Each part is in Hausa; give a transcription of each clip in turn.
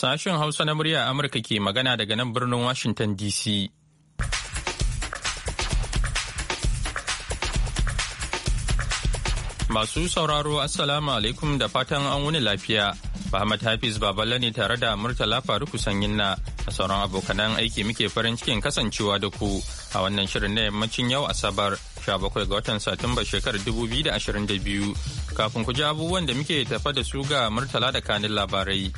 Sashen Hausa na murya Amurka ke magana daga nan birnin Washington DC. Masu sauraro Assalamu alaikum da fatan an wuni lafiya. Muhammad Hafiz Baballe ne tare da Murtala Faruku Sanyinna a sauran abokanan aiki muke farin cikin kasancewa da ku a wannan shirin na yammacin yau Asabar 17 ga watan Satumba shekarar 2022. Kafin ku ji abubuwan da muke tafa da su ga Murtala da kanin labarai.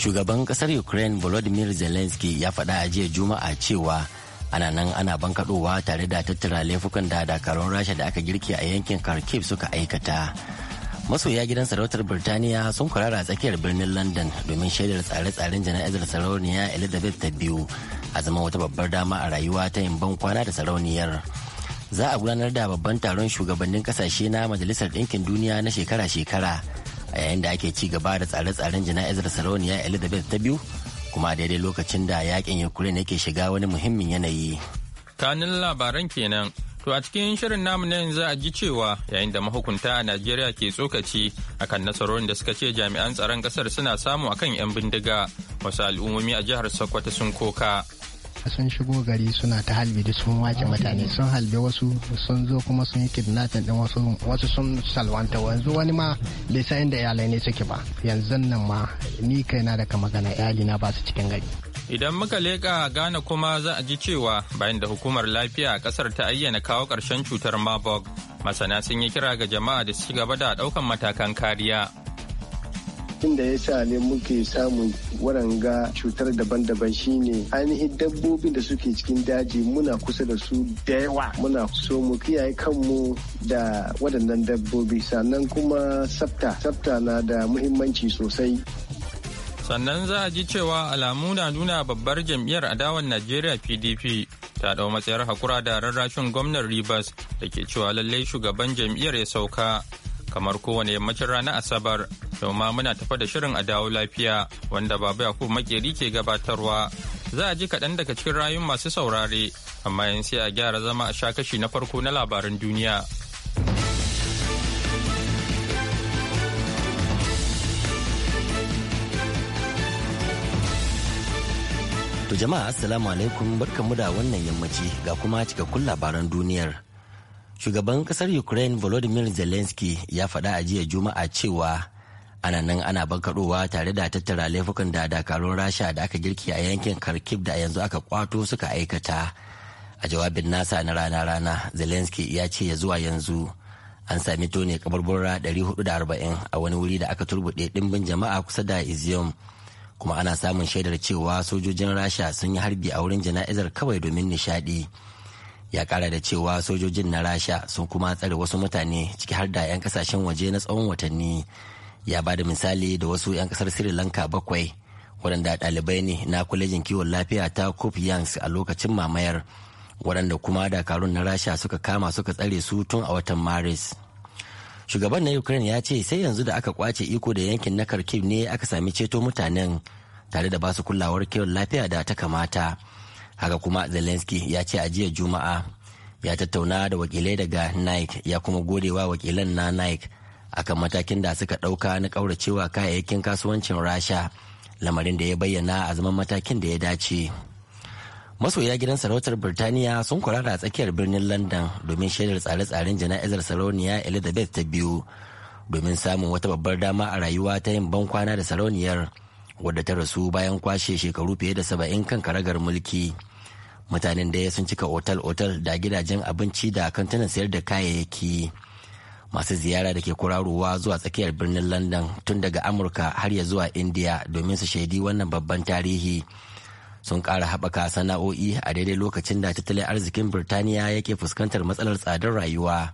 shugaban kasar ukraine volodymyr zelensky ya faɗa a jiya juma'a cewa ana nan ana bankaɗowa tare da tattara laifukan da dakarun rasha da aka girki a yankin kharkiv suka aikata masoya gidan sarautar birtaniya sun kwarara tsakiyar birnin london domin shaidar tsare-tsaren jana'izar sarauniya elizabeth ta biyu a zama wata babbar dama a rayuwa ta yin ban kwana da sarauniyar za a gudanar da babban taron shugabannin kasashe na majalisar ɗinkin duniya na shekara-shekara a yayin da ake ci gaba da tsare-tsaren jana'izar sarauniya elizabeth ta biyu kuma daidai lokacin da yakin ukraine yake shiga wani muhimmin yanayi kanin labaran kenan to a cikin shirin namu na yanzu a ji cewa yayin da mahukunta a najeriya ke tsokaci akan nasarorin da suka ce jami'an tsaron kasar suna samu akan 'yan bindiga wasu al'ummomi a jihar sokoto sun koka sun shigo gari suna ta halbe da sun wace ah, mutane sun halbe wasu sun zo kuma sun yi kidnapping din wasu wasu sun salwanta wanzu wani ma bai san inda iyalai ne suke ba yanzu nan ma ni kaina da ka magana iyali na ba su cikin gari Idan muka leƙa gane kuma za a ji cewa bayan da hukumar lafiya a ƙasar ta ayyana kawo karshen cutar Marburg, masana sun yi kira ga jama'a da su gaba da daukan matakan kariya. abin da ya sa ne muke samun waranga cutar daban-daban shine ainihin dabbobin da suke cikin daji muna kusa da su da yawa muna so mu kiyaye kanmu da waɗannan dabbobi sannan kuma tsafta tsafta na da muhimmanci sosai sannan za a ji cewa alamu na nuna babbar jam'iyyar adawan najeriya pdp ta dau matsayar hakura da rarrashin gwamnan ribas da ke cewa lallai shugaban jam'iyyar ya sauka kamar kowane yammacin ranar asabar yau muna tafa da shirin a dawo lafiya wanda baba yakubu makeri ke gabatarwa za a ji kaɗan daga cikin rayun masu saurare amma yan sai a gyara zama a sha kashi na farko na labaran duniya To jama'a assalamu alaikum barkanmu da wannan yammaci ga kuma cikakkun labaran duniyar. shugaban kasar ukraine volodymyr zelensky ya faɗa a jiya juma'a cewa ana nan ana bankaɗowa tare da tattara laifukan da dakarun rasha da aka girki a yankin kharkiv da yanzu aka kwato suka aikata a jawabin nasa na rana-rana zelensky ya ce ya zuwa yanzu an sami tone kabarbura 440 a wani wuri da aka turbuɗe ɗimbin jama'a kusa da izium kuma ana samun shaidar cewa sojojin rasha sun yi harbi a wurin jana'izar kawai domin nishaɗi. ya kara da cewa sojojin na rasha sun kuma tsare wasu mutane ciki har da 'yan kasashen waje na tsawon watanni ya ba da misali da wasu 'yan kasar sri lanka bakwai waɗanda ɗalibai ne na kwalejin kiwon lafiya ta yangs a lokacin mamayar waɗanda kuma dakarun na rasha suka kama suka tsare su tun a watan maris shugaban na ukraine ya ce sai yanzu da aka kwace iko da yankin na kharkiv ne aka sami ceto mutanen tare da ba su kulawar kiwon lafiya da ta kamata haka kuma zelensky ya ce a jiya juma'a ya tattauna da wakilai daga nike ya kuma godewa wakilan na nike akan matakin da suka ɗauka na kauracewa kayayyakin kasuwancin rasha lamarin da ya bayyana a zaman matakin da ya dace masoya gidan sarautar birtaniya sun kwarara a tsakiyar birnin london domin shaidar tsare-tsaren jana'izar sarauniya elizabeth ta biyu domin samun wata babbar dama a rayuwa ta yin ban kwana da sarauniyar wadda ta rasu bayan kwashe shekaru fiye da saba'in kan karagar mulki. mutanen da sun cika otal-otal da gidajen abinci da kantunan sayar da kayayyaki masu ziyara da ke kurarowa zuwa tsakiyar birnin london tun daga amurka har ya zuwa india domin su shaidi wannan babban tarihi sun ƙara haɓaka sana'o'i a daidai lokacin da tattalin arzikin birtaniya yake fuskantar matsalar tsadar rayuwa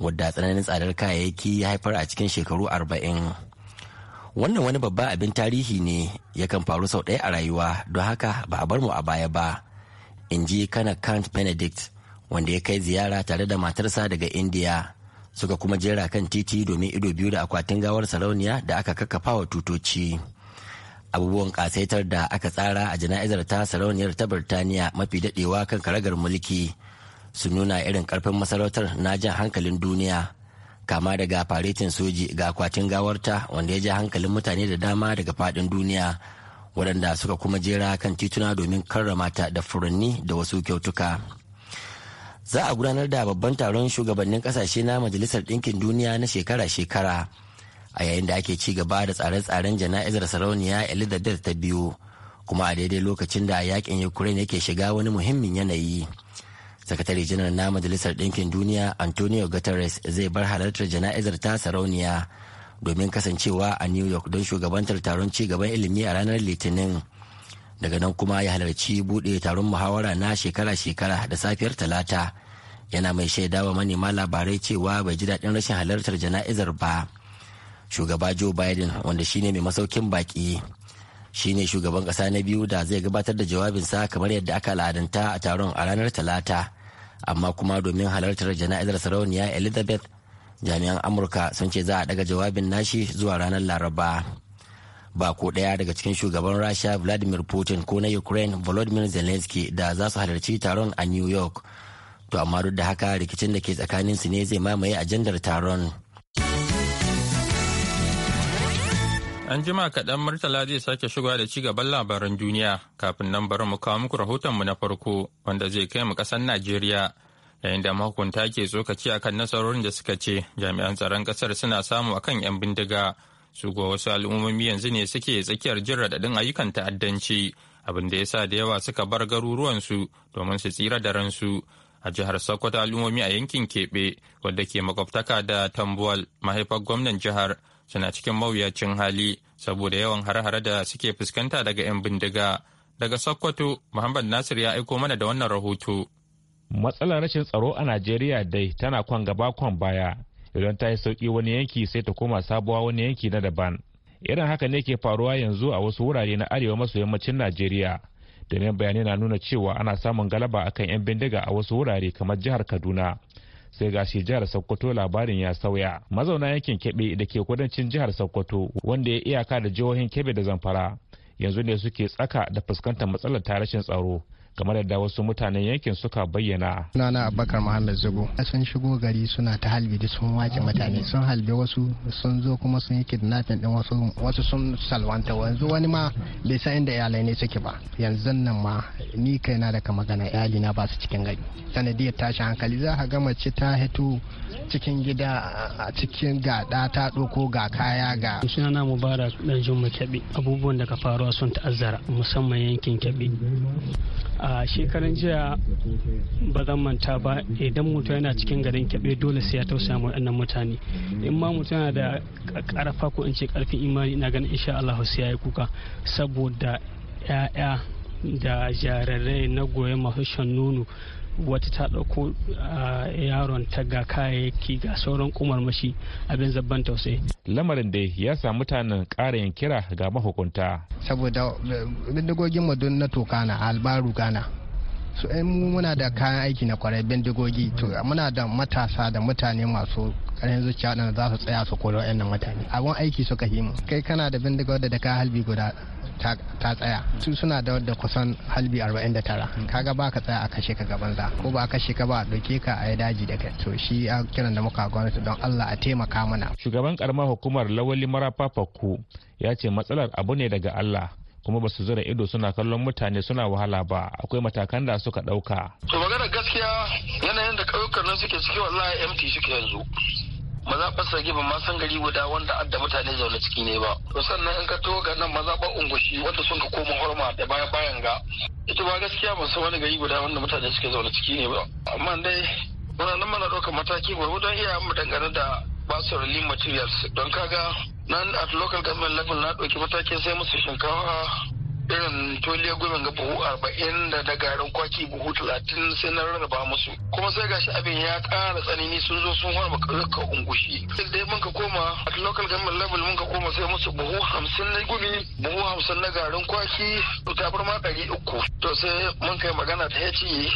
wadda tsananin tsadar kayayyaki ya haifar a cikin shekaru arba'in. wannan wani babban abin tarihi ne yakan faru sau ɗaya a rayuwa don haka ba a bar mu a baya ba in ji kana Kant Benedict wanda ya kai ziyara tare da matarsa daga India suka kuma jera kan titi domin ido biyu da akwatin gawar sarauniya da aka kakkafa wa tutoci. Abubuwan ƙasaitar da aka tsara a jana'izar ta sarauniyar ta Birtaniya mafi daɗewa kan karagar mulki sun nuna irin karfin masarautar na jan hankalin duniya kama daga faretin soji ga akwatin gawarta wanda ya ja hankalin mutane da dama daga faɗin duniya. waɗanda suka kuma jera kan tituna domin karrama ta da furanni da wasu kyautuka za a gudanar da babban taron shugabannin ƙasashe na majalisar ɗinkin duniya na shekara-shekara a yayin da ake ci gaba da tsare-tsaren jana'izar sarauniya elizabeth ta biyu kuma a daidai lokacin da yakin ukraine yake shiga wani muhimmin yanayi sakatare janar na majalisar ɗinkin duniya antonio guterres zai bar halartar jana'izar ta sarauniya domin kasancewa a new york don shugabantar taron ci gaban ilimi a ranar litinin daga nan kuma ya halarci buɗe taron muhawara na shekara-shekara da safiyar talata yana mai shaida wa manema labarai cewa bai ji daɗin rashin halartar jana'izar ba shugaba joe biden wanda shine mai masaukin baki shine shugaban ƙasa na biyu da zai gabatar da jawabinsa kamar yadda aka al'adanta a taron a ranar talata amma kuma domin halartar jana'izar sarauniya elizabeth jami'an amurka sun ce za a daga jawabin nashi zuwa ranar laraba ba ko ɗaya daga cikin shugaban rasha vladimir putin ko na ukraine volodymyr zelensky da za su halarci taron a new york to amma duk da haka rikicin da ke tsakanin su ne zai mamaye ajandar taron an jima kaɗan murtala zai sake shiga da ci gaban labaran duniya kafin nan bari mu kawo muku rahotonmu na farko wanda zai kai mu ƙasar najeriya yayin da mahukunta ke tsokaci akan nasarorin da suka ce jami'an tsaron kasar suna samu a kan 'yan bindiga su ga wasu al'ummomi yanzu ne suke tsakiyar jin raɗaɗin ayyukan ta'addanci abin da ya sa da yawa suka bar garuruwansu domin su tsira da ransu a jihar sokoto al'ummomi a yankin keɓe wadda ke makwabtaka da tambuwal mahaifar gwamnan jihar suna cikin mawuyacin hali saboda yawan hare-hare da suke fuskanta daga 'yan bindiga daga sokoto muhammad nasir ya aiko mana da wannan rahoto matsalar rashin tsaro a najeriya dai tana kwan gaba kwan baya idan ta yi sauki wani yanki sai ta koma sabuwa wani yanki na daban irin haka ne ke faruwa yanzu a wasu wurare na arewa maso yammacin najeriya domin bayanai na nuna cewa ana samun galaba akan 'yan bindiga a wasu wurare kamar jihar kaduna sai ga shi jihar sokoto labarin ya sauya mazauna yankin kebe da ke kudancin jihar sokoto wanda ya iyaka da jihohin kebe da zamfara yanzu ne suke tsaka da fuskantar matsalar ta rashin tsaro kamar yadda wasu mutanen yankin suka bayyana. na Abubakar Muhammad A Sun shigo gari suna ta halbi da sun wace mutane sun halbe wasu sun zo kuma sun yi kidnapping din wasu wasu sun salwanta wanzu wani ma bai san inda iyalai ne suke ba. Yanzu nan ma ni kaina da ka magana iyali na ba su cikin gari. Sanadiyar tashi hankali za ka ga mace ta hito cikin gida a cikin gada ta ɗauko ga kaya ga. na Mubarak Danjuma Kebbi abubuwan da ka faruwa sun ta'azzara musamman yankin kyabi. a shekaran jiya ba zan manta ba idan mutum yana cikin garin kebe dole sai ya tausaya ma waɗannan mutane in ma mutum yana da ƙarfa ko in ce karfin imani ina ganin insha Allah sai ya yi kuka saboda 'ya'ya da jarirai na goyon masu shan nono wata ta ɗauko yaron ta ga kayayyaki ga sauran kumarmashi abin zabban tausayi. lamarin dai ya sa mutanen ƙara yin kira ga mahukunta saboda eh, bindigogin mu na toka na albaru gana su eh, mu muna da kayan aiki na kwarai bindigogi to muna da matasa da mutane masu karin zuciya da za su tsaya su koro yan mutane abun aiki suka yi mu kai kana da bindigo da ka halbi guda ta tsaya mm. su suna da wadda kusan halbi 49 mm. kaga ba ka tsaya a kashe ka gaban za ko ba a kashe ka ba a doke ka a yi daji da kai to shi a kiran da muka gwamnati don Allah a taimaka mana shugaban karamar hukumar lawali marafa fakku ya ce matsalar abu ne daga Allah kuma ba su zura ido suna kallon mutane suna wahala ba akwai matakan da suka dauka to magana gaskiya yanayin da kauyukan nan suke ciki wallahi MT suke yanzu mazaɓar sage ba ma san gari guda wanda adda mutane zaune ciki ne ba to sannan in ka to ga nan mazaɓar ungushi wanda sun ka koma horma da baya bayan ga ita ba gaskiya ba san wani gari guda wanda mutane suke zaune ciki ne ba amma dai muna nan mana ɗaukar mataki don iya mu dangane da basu materials don kaga nan at local government level na ɗauki matakin sai musu shinkafa irin toliya gumin ga buhu arba'in da da garin kwaki buhu talatin sai na rarraba musu kuma sai gashi abin ya kara tsanani sun zo sun harba ƙarƙa ungushi dai mun ka koma a local government level mun ka koma sai musu buhu hamsin na gumi buhu hamsin na garin kwaki tabar ma ɗari uku to sai mun kai magana ta ya ce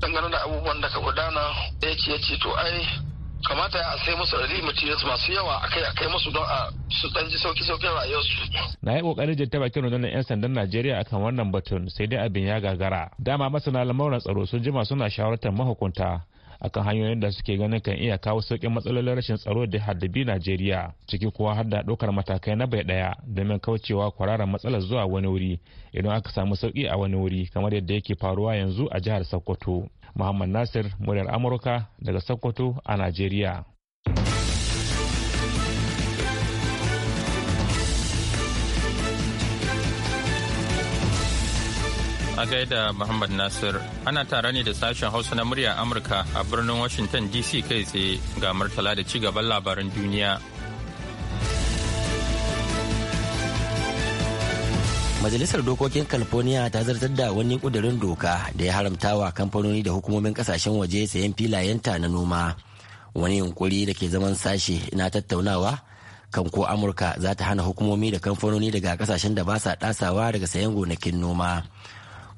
dangane da abubuwan da ka gudana ya ce ya ce to ai kamata ya sai musu rali materials masu yawa a kai a kai musu don a su dan ji sauki saukin rayuwarsu. Na yi kokarin jinta bakin rundunar 'yan sandan Najeriya akan wannan batun sai dai abin ya gagara. Dama masana lamuran tsaro sun jima suna shawartar mahukunta akan hanyoyin da suke ganin kan iya kawo sauƙin matsalolin rashin tsaro da haddabi Najeriya ciki kuwa har da ɗaukar matakai na bai ɗaya domin kaucewa kwararar matsalar zuwa wani wuri idan aka samu sauƙi a wani wuri kamar yadda yake faruwa yanzu a jihar Sokoto. Muhammad Nasir, muryar Amurka daga Sokoto a Najeriya. A gaida Muhammad Nasir, ana tare ne da sashen Hausa na murya Amurka a birnin Washington DC kai tsaye ga Murtala da cigaban labaran duniya. Majalisar Dokokin California ta zartar da wani kudurin doka da ya haramta wa kamfanoni da hukumomin kasashen waje sayan filayenta na noma. Wani yunkuri da ke zaman sashe na tattaunawa kan ko Amurka za ta hana hukumomi da kamfanoni daga kasashen da ba sa dasawa daga sayan gonakin noma.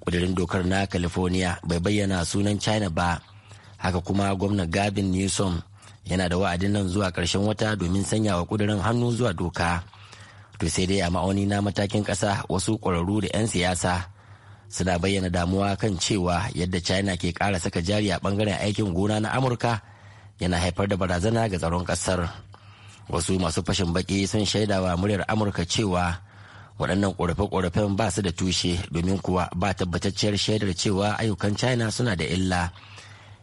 ƙudurin dokar na california bai bayyana sunan china ba haka kuma Gwamnan Gabin newsom yana da wa'adin nan zuwa ƙarshen wata domin sanya wa ƙudurin hannu zuwa doka to sai dai a ma'auni na matakin ƙasa wasu ƙwararru da 'yan siyasa suna bayyana damuwa kan cewa yadda china ke ƙara saka jari a ɓangaren aikin gona na amurka yana haifar da barazana ga tsaron ƙasar wasu masu fashin baki sun shaidawa muryar amurka cewa waɗannan ƙorafe-ƙorafen ba su da tushe domin kuwa ba tabbatacciyar shaidar cewa ayyukan china suna da illa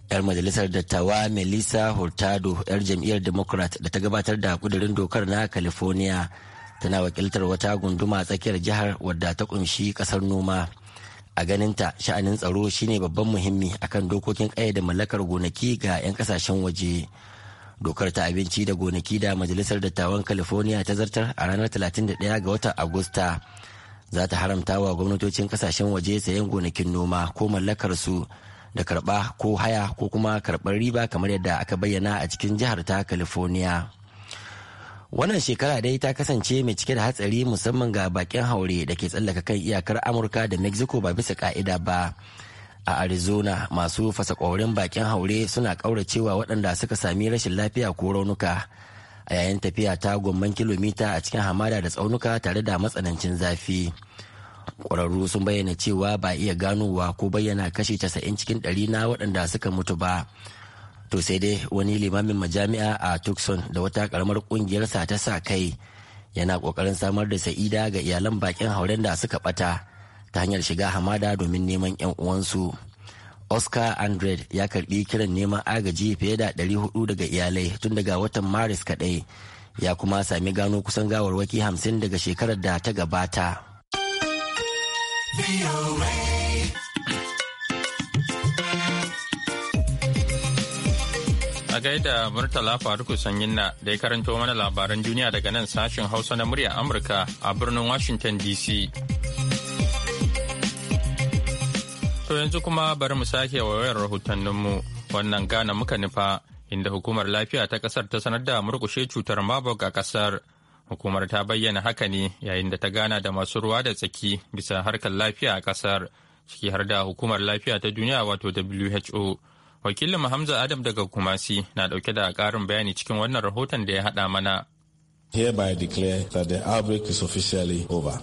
yar majalisar dattawa melissa hurtado yar jam'iyyar democrat da ta gabatar da kudirin dokar na california tana wakiltar wata gunduma tsakiyar jihar wadda ta kunshi kasar noma a ganinta sha'anin tsaro shine babban muhimmi akan dokokin da mallakar gonaki ga 'yan ƙasashen waje dokar ta abinci da gonaki da majalisar dattawan california ta zartar a ranar 31 ga watan agusta za ta haramta wa gwamnatocin kasashen waje sayan gonakin noma ko mallakar su da karba ko haya ko kuma karbar riba kamar yadda aka bayyana a cikin jihar ta california wannan shekara dai ta kasance mai cike da hatsari musamman ga bakin haure da ke tsallaka kan iyakar amurka da mexico ba bisa ka'ida ba a arizona masu fasa ƙwaurin bakin haure suna ƙauracewa waɗanda suka sami rashin lafiya ko raunuka a yayin tafiya ta gomman kilomita a cikin hamada da tsaunuka tare da matsanancin zafi ƙwararru sun bayyana cewa ba iya ganowa ko bayyana kashi casa'in cikin ɗari na waɗanda suka mutu ba to sai dai wani limamin majami'a a tucson da wata ƙaramar ƙungiyarsa ta sa kai yana ƙoƙarin samar da sa'ida ga iyalan bakin hauren da suka ɓata ta hanyar shiga hamada domin neman 'yan uwansu. Oscar Andred ya karbi kiran neman agaji fiye da 400 daga iyalai tun daga watan Maris kadai ya kuma sami gano kusan gawarwaki 50 daga shekarar da ta gabata. A gaida Murtala Faruku na da ya karanto mana labaran duniya daga nan sashen Hausa na murya Amurka a birnin Washington DC. To yanzu kuma bari mu sake wayar rahotanninmu wannan gana muka nufa inda hukumar lafiya ta kasar ta sanar da murkushe cutar Marburg a kasar. Hukumar ta bayyana haka ne yayin da ta gana da masu ruwa da tsaki bisa harkar lafiya a kasar ciki har da hukumar lafiya ta duniya wato WHO. Wakilin Hamza Adam daga Kumasi na dauke da karin bayani cikin wannan rahoton da ya haɗa mana. Hereby declare that the outbreak is officially over.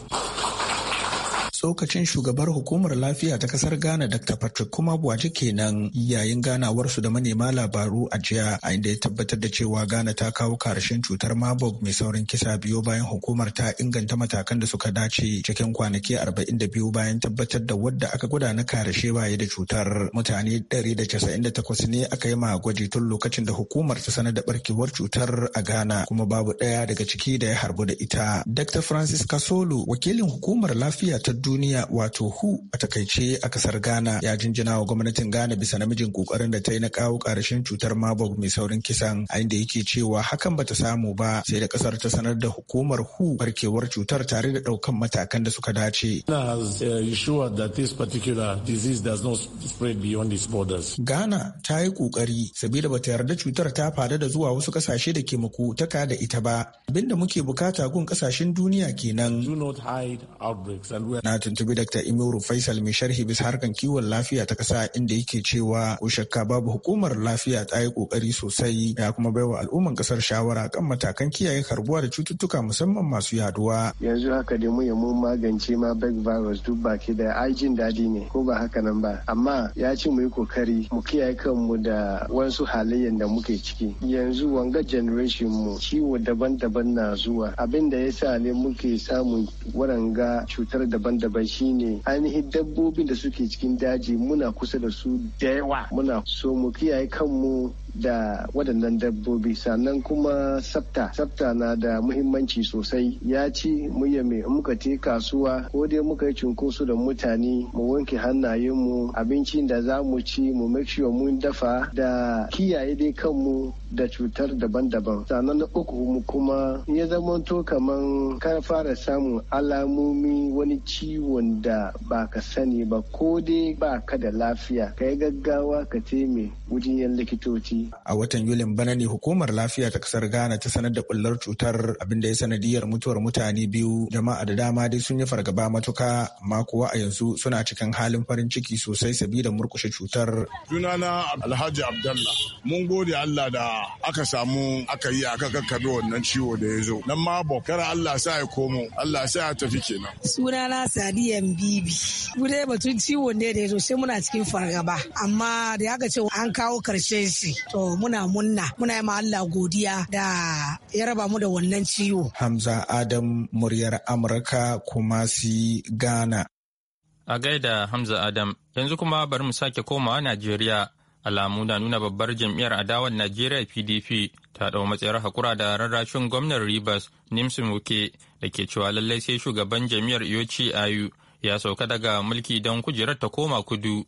tsokacin shugabar hukumar lafiya ta kasar ghana dr patrick kuma buwaji kenan yayin ganawarsu da manema labaru a jiya a inda ya tabbatar da cewa ghana ta kawo karshen cutar marburg mai saurin kisa biyu bayan hukumar ta inganta matakan da suka dace cikin kwanaki 42 bayan tabbatar da wadda aka gudana karshe baya da cutar mutane da da casa'in 198 ne aka yi ma gwaji tun lokacin da hukumar ta sanar da barkewar cutar a ghana kuma babu ɗaya daga ciki da ya harbu da ita dr francis kasolo wakilin hukumar lafiya ta duniya duniya wato hu a takaice a kasar ghana ya jinjina wa gwamnatin ghana bisa namijin kokarin da ta yi na kawo karashen cutar marburg mai saurin kisan a inda yake cewa hakan bata samu ba sai da kasar ta sanar da hukumar hu barkewar cutar tare da daukan matakan da suka dace ghana uh, ta yi kokari sabida bata yarda cutar ta fada da zuwa wasu kasashe da ke makotaka da ita ba abinda muke bukata gun kasashen duniya kenan na tuntubi Dr. Imiru Faisal mai sharhi bisa harkan kiwon lafiya ta kasa inda yake cewa ko shakka babu hukumar lafiya ta yi kokari sosai ya kuma baiwa al'umman kasar shawara kan matakan kiyaye karbuwa da cututtuka musamman masu yaduwa. Yanzu haka da mu mun magance ma bag virus duk baki da ai jin daɗi ne ko ba haka nan ba amma ya ce mu yi kokari mu kiyaye kanmu da wasu halayen da muke ciki. Yanzu wanga generation mu ciwo daban-daban na zuwa abinda ya sa ne muke samun waranga cutar daban-daban daban shine ainihin dabbobin da suke cikin daji muna kusa da su da yawa muna so mu kiyaye kanmu da waɗannan dabbobi sannan kuma sabta sabta na da muhimmanci sosai ya ci muya mai muka te kasuwa ko dai muka yi cunkoso da mutane mu wanke hannayenmu abincin da za mu ci mu make sure mun dafa da kiyaye dai kanmu da cutar daban-daban sannan na uku mu kuma ya to kaman ka fara samun alamomi wani ciwon da ba ka sani ba ko dai ba ka da lafiya ka yi gaggawa ka te mai yan likitoci A watan Yulin bana ne hukumar lafiya ta kasar Ghana ta sanar da bullar cutar abinda ya sanadiyar mutuwar mutane biyu jama'a da dama dai sun yi fargaba matuka amma kuwa a yanzu suna cikin halin farin ciki sosai sabida murkushe cutar. Junana Alhaji Abdallah mun gode Allah da aka samu aka yi aka kakkabe wannan ciwo da ya zo. Nan ma kara Allah sa ya komo Allah sa ya tafi kenan. Sunana Sadiya Bibi. Gudai batun ciwo ne da ya zo sai muna cikin fargaba amma da ya ce an kawo karshen shi. so muna munna muna yi ma Allah godiya da ya raba mu da wannan ciwo. Hamza Adam muryar Amurka kuma si Ghana. A gaida Hamza Adam yanzu kuma bari mu sake komawa Najeriya alamu na nuna babbar jam'iyyar adawar Najeriya PDP ta ɗau matsayar hakura da rarrashin gwamnan Rivers Nimson Wuke da ke cewa lallai sai shugaban jam'iyyar Yoci Ayu ya sauka daga mulki don kujerar ta koma kudu.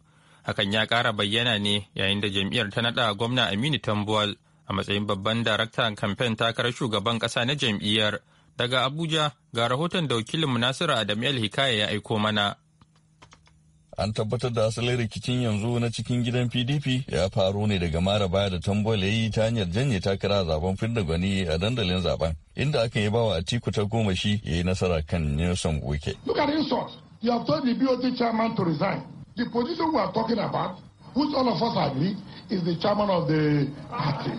hakan ya kara bayyana ne yayin da jam'iyyar ta naɗa gwamna aminu tambuwal a matsayin babban daraktan kamfen takarar shugaban ƙasa na jam'iyyar daga abuja ga rahoton da wakilin nasiru adam el hikaya ya aiko mana an tabbatar da asalin rikicin yanzu na cikin gidan pdp ya faro ne daga mara baya da ya yi ta hanyar janye takara zaben fidda gwani a dandalin zaben inda aka yi bawa atiku ta goma shi ya yi nasara kan nelson wike look at you have told chairman to resign The position we are talking about, which all of us agree, is the chairman of the party.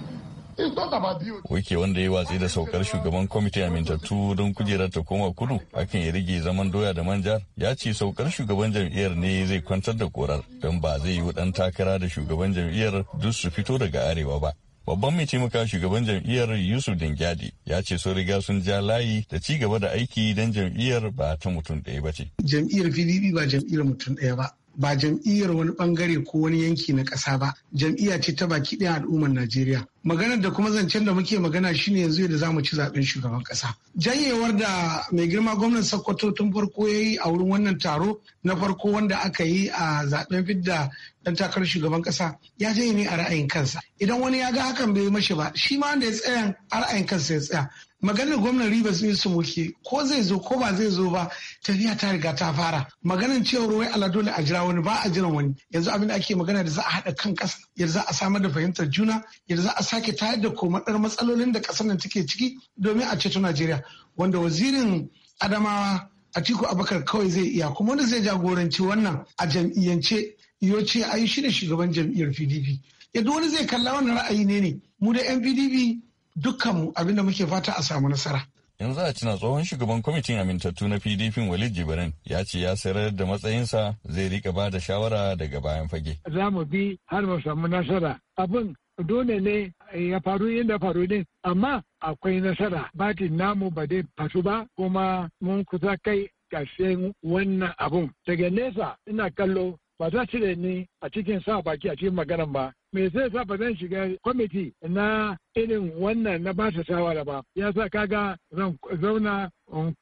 Wike wanda ya watsi da saukar shugaban kwamitin amintattu don kujerar ta koma kudu akan ya rage zaman doya da manja ya ce saukar shugaban jam'iyyar ne zai kwantar da korar don ba zai yi dan takara da shugaban jam'iyyar duk su fito daga arewa ba. Babban mai taimaka shugaban jam'iyyar Yusuf Dingyadi ya ce sun riga sun ja layi da ci gaba da aiki don jam'iyyar ba ta mutum ɗaya ba ce. Jam'iyyar PDP ba jam'iyyar mutum ɗaya ba. ba jam'iyyar wani bangare ko wani yanki na kasa ba jam'iyya ce ta baki ɗaya al'ummar najeriya maganar da kuma zancen da muke magana shine yanzu da zamu ci zaben shugaban kasa janyewar da mai girma gwamnan sokoto tun farko ya yi a wurin wannan taro na farko wanda aka yi a zaben fidda dan takarar shugaban kasa ya janye ne a ra'ayin kansa idan wani ya ga hakan bai mashi ba shi ma wanda ya tsaya a ra'ayin kansa ya tsaya maganar gwamnan Ribas ne su muke ko zai zo ko ba zai zo ba tafiya ta riga ta fara maganar cewar wai ala dole a jira wani ba a jiran wani yanzu abin da ake magana da za a haɗa kan ƙasa yadda za a samar da fahimtar juna yadda za a sake tayar da ɗan matsalolin da ƙasar nan take ciki domin a ceto Najeriya wanda wazirin Adamawa Atiku Abakar kawai zai iya kuma wanda zai jagoranci wannan a jam'iyyance yo ce yi shi ne shugaban jam'iyyar PDP yadda wani zai kalla wannan ra'ayi ne ne mu da 'yan PDP dukkanmu abinda muke fata a samu nasara. yanzu a cina tsohon shugaban kwamitin amintattu na pdp walid jibrin ya ce ya sayar da matsayinsa zai rika ba da shawara daga bayan fage za mu bi har mu samu nasara abin dole ne ya faru inda faru ne amma akwai nasara batin namu ba dai fasu ba kuma mun kusa kai ƙarshen wannan abun daga nesa ina kallo ba za ne ni a cikin sa baki a cikin maganan ba me zai sa ba zan shiga kwamiti na irin wannan na ba ta shawara ba ya sa kaga zan zauna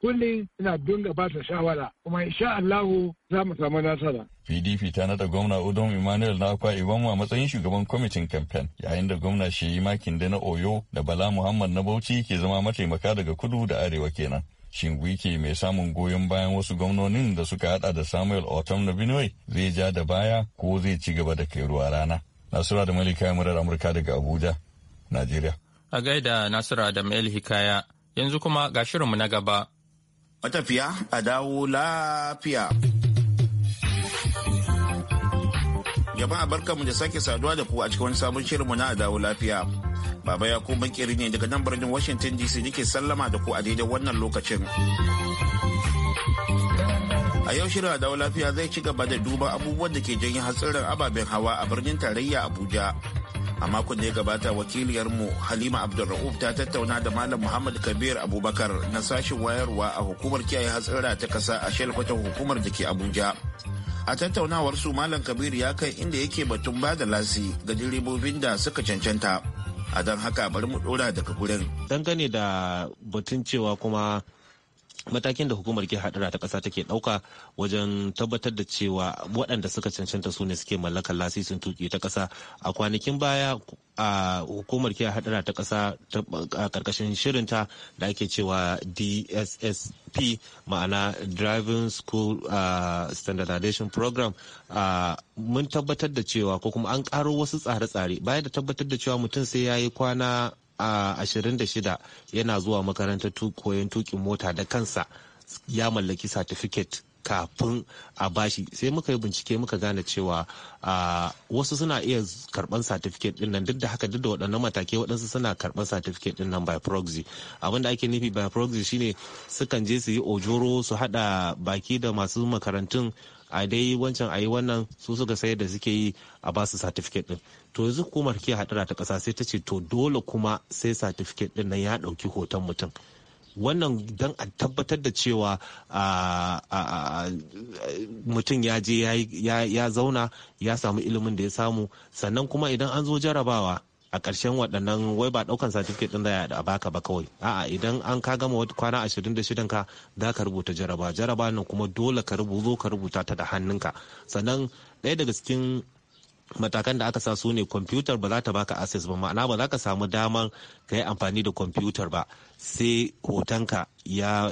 kullum ina dinga ba ta shawara kuma insha Allahu za mu samu nasara. PDP ta nada gwamna Udom Emmanuel iban a matsayin shugaban kwamitin kamfen yayin da gwamna shi yi makin da na Oyo da Bala Muhammad na Bauchi ke zama mataimaka daga kudu da arewa kenan. Shin wike mai samun goyon bayan wasu gwamnonin da suka hada da Samuel Otom na Benue zai ja da baya ko zai ci gaba da kai ruwa rana. Nasura da Malika murar Amurka daga Abuja, Najeriya. A gaida Nasura da Mali Hikaya, yanzu kuma ga shirinmu na gaba. Matafiya a dawo lafiya. Jama'a barkanmu da sake saduwa da ku a cikin wani sabon shirinmu na a dawo lafiya. Baba ya ku kiri ne daga nan birnin Washington DC nake sallama da ku a daidai wannan lokacin. A yau shirin adawa lafiya zai ci gaba da duba abubuwan da ke janyo hatsarin ababen hawa a birnin tarayya Abuja. A makon da ya gabata wakiliyarmu Halima Abdulra'uf ta tattauna da Malam Muhammad Kabir Abubakar na sashen wayarwa a hukumar kiyaye hatsara ta kasa a shelkwatar hukumar da ke Abuja. a tattaunawar su malam kabir ya kai inda yake batun ba da lasi ga direbobin da suka cancanta a don haka bari mu dora daga gurin dangane da batun cewa kuma matakin da hukumar ke hadara ta kasa take dauka wajen tabbatar da cewa waɗanda suka cancanta su ne suke mallakar lasisin tuki ta kasa a kwanakin baya a hukumar ke hadara ta kasa ta karkashin shirinta da ake cewa dssp ma'ana driving school standardization program mun tabbatar da cewa ko kuma an karo wasu tsare-tsare bayan da tabbatar da cewa mutum sai ya yi kwana a 26 yana zuwa makarantar koyon tukin mota da kansa ya mallaki satifiket kafin a bashi sai muka yi bincike muka gane cewa wasu suna iya karban satifiket din nan duk da haka duk da waɗannan matakai waɗansu suna karban satifiket din nan by proxy abin da ake nufi by proxy shine sukan je su yi ojoro su haɗa baki da masu makarantun a dai wancan a yi wannan su suka sayar da suke yi a basu satifiket din to yanzu hukumar ke hadura ta kasa sai ta ce to dole kuma sai satifiket din nan ya dauki hoton mutum wannan don a tabbatar da cewa mutum ya je ya zauna ya samu ilimin da ya samu sannan kuma idan an zo jarabawa a ƙarshen waɗannan wai ba ɗaukan certificate ɗin da ba baka ba kawai a'a idan an ka gama wata kwana ashirin da shidan ka za ka rubuta jaraba jaraba nan kuma dole ka rubuzo ka rubuta ta da hannunka sannan ɗaya daga cikin matakan da aka sa su ne kwamfutar ba za ta baka access ba ma'ana ba za ka samu damar ka yi amfani da kwamfutar ba sai hotonka ya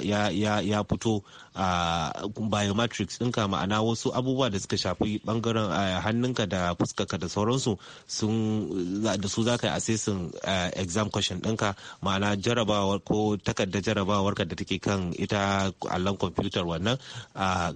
fito a biometrics ɗinka ma'ana wasu abubuwa da suka shafi bangaren eh, hannunka da fuskarka da sauransu da su zaka yi assessing eh, exam question ɗinka ma'ana jarabawar ko takardar jarabawar da take kan ita allon kwamfutar wannan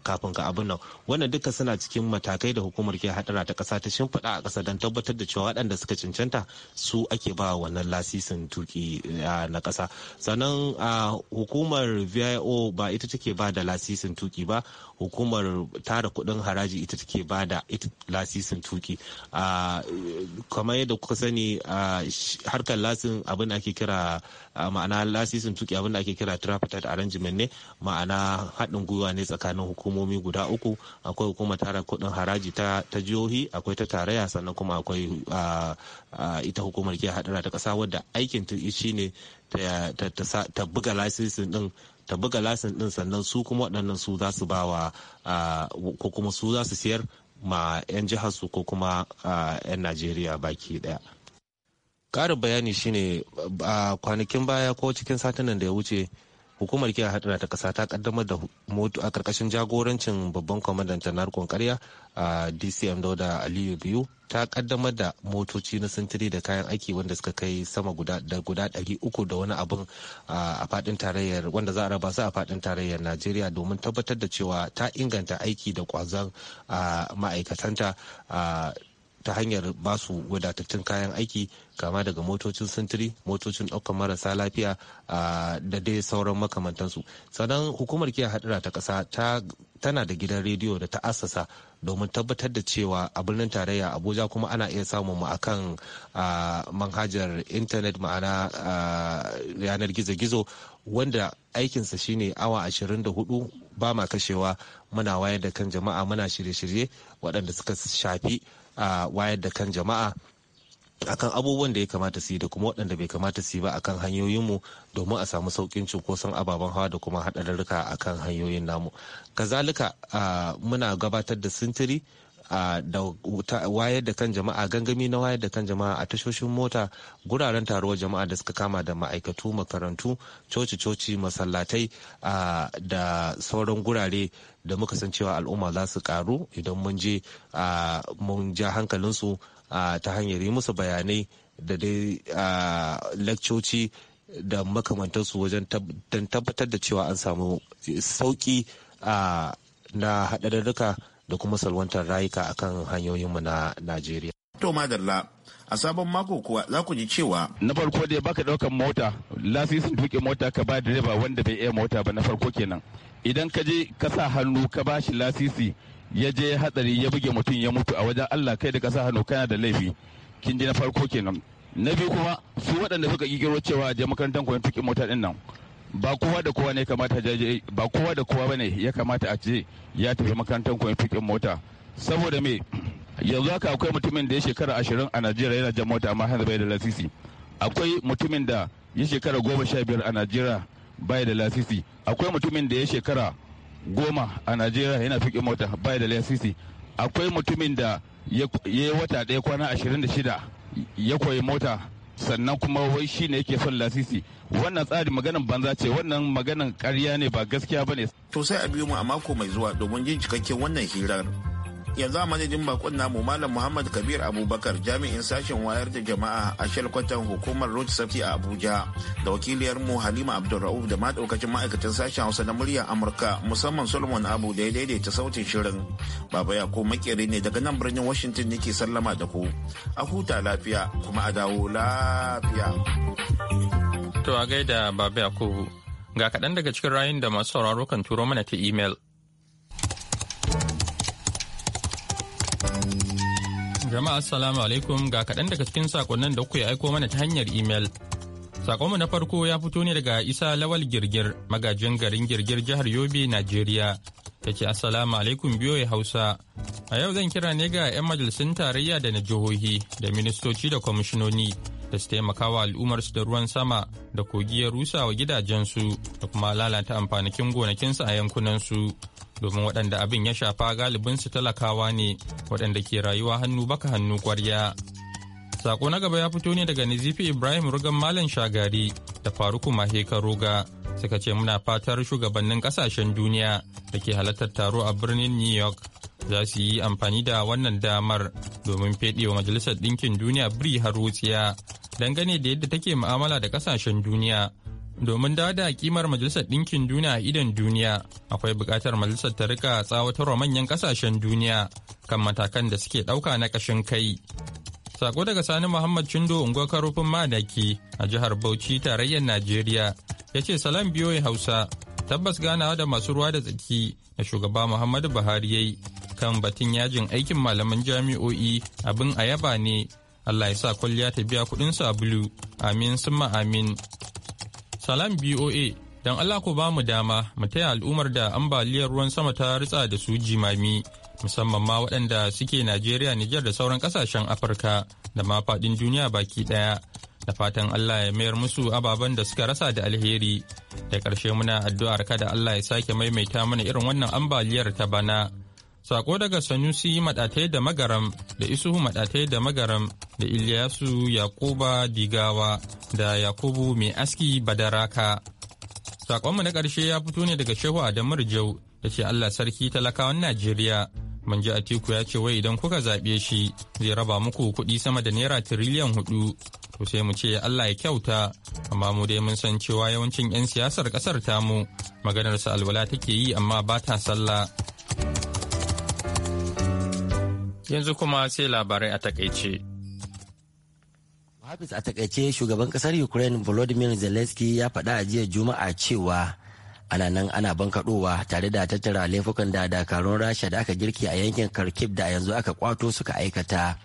kafin ka abin nan wannan duka suna cikin matakai da hukumar ke hadara ta kasa ta shimfiɗa a kasa don tabbatar da cewa waɗanda suka cancanta su ake ba wannan lasisin tuki eh, na kasa sannan ah, hukumar hukumar vio ba ita take ba da lasisin tuki ba hukumar tara kuɗin haraji ita take da ita lasisin tuki kamar yadda kuka sani harkar lasin abin da ake kira ma'ana lasisin tuki abin da ake kira tripartite arrangement ne ma'ana haɗin gwiwa ne tsakanin hukumomi guda uku akwai hukumar tara kuɗin haraji ta jihohi akwai ta tarayya sannan kuma akwai ita hukumar ke haɗara ta ƙasa wadda aikin ta ne ta buga lasisin din ta buga lasin din sannan su kuma waɗannan su za su bawa ko kuma su za su siyar ma 'yan jihar su ko kuma 'yan najeriya baki daya ƙarin bayani shine a kwanakin baya ko cikin satinan da ya wuce hukumar kiyaye hadura ta kasa ta kaddamar da motu a karkashin jagorancin babban kwamandan ta narkon karya a dcm dauda aliyu biyu ta kaddamar da motoci na sintiri da kayan aiki wanda suka kai sama guda da guda ɗari uku da wani abin a fadin tarayyar wanda za a raba su a fadin tarayyar najeriya domin tabbatar da cewa ta inganta aiki da kwazon ma'aikatanta ta hanyar ba su wadatattun kayan aiki kama daga motocin sintiri motocin ɗaukar marasa lafiya da dai sauran makamantansu sannan hukumar kiyaye hadura ta ƙasa ta tana da gidan rediyo da ta assasa domin tabbatar da cewa a birnin tarayya abuja kuma ana iya samun mu akan manhajar intanet ma'ana yanar gizo-gizo wanda aikinsa shine awa 24 ba ma kashewa muna wayar da kan jama'a muna shirye-shirye waɗanda suka shafi a wayar da kan jama'a akan abubuwan da ya kamata su yi da kuma waɗanda bai kamata su yi ba akan hanyoyinmu domin a samu saukin cunkoson ababen hawa da kuma haɗarurruka akan hanyoyin namu kazalika muna gabatar da sintiri da wayar da kan jama'a gangami na wayar da kan jama'a a tashoshin mota guraren taruwar jama'a da suka kama da ma'aikatu makarantu coci-coci masallatai da sauran gurare da muka san cewa al'umma za su karu idan mun je mun ja hankalinsu ta hanyar yi musu bayanai da dai lakcoci da makamantarsu wajen tabbatar da cewa an samu sauki na haɗarurruka da kuma salwantar rayuka akan hanyoyinmu na Najeriya. To madalla a sabon mako kuwa za ku ji cewa. Na farko dai baka daukan mota lasisin duke mota ka ba direba wanda bai iya mota ba na farko kenan. Idan ka je ka sa hannu ka ba shi lasisi ya je hatsari ya buge mutum ya mutu a wajen Allah kai da ka sa hannu kana da laifi. Kin ji na farko kenan. Na biyu kuma su waɗanda suka kikiro cewa je makarantar koyon tuki mota ɗin nan. ba kowa da kowa ne kamata jaje ba kowa da kowa bane ya kamata a ce ya tafi makarantar koyon fikin mota saboda me yanzu haka akwai mutumin da ya shekara ashirin a najeriya yana jan mota amma hanzu bai da lasisi akwai mutumin da ya shekara goma sha biyar a najeriya bai da lasisi akwai mutumin da ya shekara goma a najeriya yana fikin mota bai da lasisi akwai mutumin da ya yi wata ɗaya kwana ashirin da shida ya koyi mota sannan kuma wai shi ne yake son lasisi wannan tsari maganan banza ce wannan maganan karya ne ba gaskiya ba ne. to sai a biyo mu a mako mai zuwa domin yin cikakken wannan hirar yanzu a madadin bakon namu malam muhammad kabir abubakar jami'in sashen wayar da jama'a a shalkwatan hukumar road safety a abuja da wakiliyar mu halima abdulra'uf da maɗaukacin ma'aikatan sashen hausa na muryar amurka musamman solomon abu da ya daidaita sautin shirin baba ya ko makere ne daga nan birnin washington nake sallama da ku a huta lafiya kuma a dawo lafiya to a gaida baba yakubu ga kaɗan daga cikin rayun da masu sauraro kan turo mana ta imel. Jama'a assalamu alaikum ga kaɗan daga cikin sakonnin da kuke aiko mana ta hanyar imel. Sakonmu na farko ya fito ne daga Isa Lawal Girgir, magajin garin Girgir jihar Yobe, Najeriya. Ta ce Assalamu alaikum biyoyi Hausa. A yau zan kira ne ga 'yan majalisun tarayya da na jihohi da ministoci da kwamishinoni da su taimakawa al'ummarsu da ruwan sama da kogiyar ya rusa wa gidajensu da kuma lalata amfanikin gonakinsu a yankunansu. domin waɗanda abin ya shafa galibin su talakawa ne waɗanda ke rayuwa hannu baka hannu kwarya. Sako na gaba ya fito ne daga Nizifi Ibrahim Rugan Malam Shagari da Faruku Maheka Roga suka ce muna fatar shugabannin kasashen duniya da ke halartar taro a birnin New York za su yi amfani da wannan damar domin fedewa Majalisar Ɗinkin Duniya Bri Harutsiya dangane da yadda take mu'amala da ƙasashen duniya domin dawo da kimar majalisar ɗinkin duniya a idan duniya akwai buƙatar majalisar ta rika tsawatarwa manyan ƙasashen duniya kan matakan da suke ɗauka na ƙashin kai sako daga sani muhammad cindo unguwar karufin madaki a jihar bauchi tarayyar najeriya ya ce salam biyoyi hausa tabbas ganawa da masu ruwa da tsaki da shugaba muhammadu buhari yayi kan batun yajin aikin malaman jami'o'i abin a yaba ne allah ya sa kwalliya ta biya kuɗin sabulu amin sun amin Salam BOA, don Allah ku ba mu dama mu taya al'ummar da ambaliyar ruwan sama ta ritsa da su jimami, musamman ma waɗanda suke Najeriya, Nijar da sauran ƙasashen Afirka da ma faɗin duniya baki ɗaya. Da fatan Allah ya mayar musu ababen da suka rasa da alheri. Da ƙarshe muna addu'ar kada Allah ya sake maimaita mana irin wannan ambaliyar ta bana. Sako daga Sanusi Maɗatai da Magaram da Isuhu Maɗatai da Magaram da Ilyasu Yakuba Digawa da Yakubu Mai Aski Badaraka. Sakonmu na ƙarshe ya fito ne daga Shehu adamar Rijau da ce Allah Sarki talakawan Najeriya. manji Atiku ya ce wai idan kuka zaɓe shi zai raba muku kuɗi sama da naira tiriliyan hudu. To sai mu ce Allah ya kyauta, amma mu dai mun san cewa yawancin 'yan siyasar ƙasar tamu maganar su alwala take yi amma ba ta sallah Yanzu kuma sai labarai a takaice. Hafiz a takaice shugaban kasar Ukraine Volodymyr Zelensky ya faɗa a jiya Juma'a cewa ana nan ana bankaɗowa tare da tattara laifukan da dakarun Rasha da aka girki a yankin Kharkiv da yanzu aka kwato suka aikata.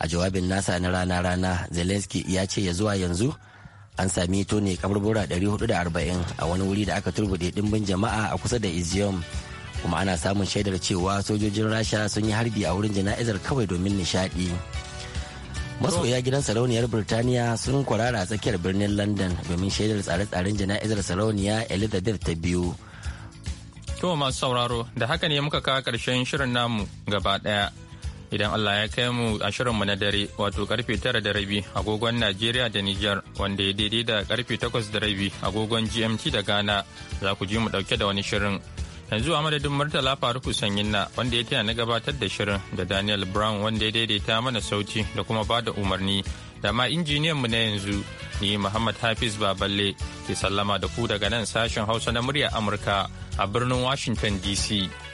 A jawabin nasa na rana-rana Zelensky ya ce ya zuwa yanzu an sami tone kaburbura 440 a wani wuri da aka turbude dimbin jama'a a kusa da Izium. kuma ana samun shaidar cewa sojojin rasha sun yi harbi a wurin jana'izar kawai domin nishadi masoya gidan sarauniyar birtaniya sun kwarara a tsakiyar birnin london domin shaidar tsare-tsaren jana'izar sarauniya elizabeth ta biyu to masu sauraro da haka ne muka kawo karshen shirin namu gaba daya idan allah ya kai mu a shirinmu na dare wato karfe tara da rabi agogon najeriya da niger wanda ya daidai da karfe takwas da rabi agogon gmt da ghana za ku ji mu dauke da wani shirin yanzu a madadin murtala faruku sanyin wanda ya taya na gabatar da shirin da daniel brown wanda ya daidaita mana sauti da kuma ba da umarni da ma injiniyan mu na yanzu ni muhammad hafiz baballe ke sallama da ku daga nan sashen hausa na murya amurka a birnin washington dc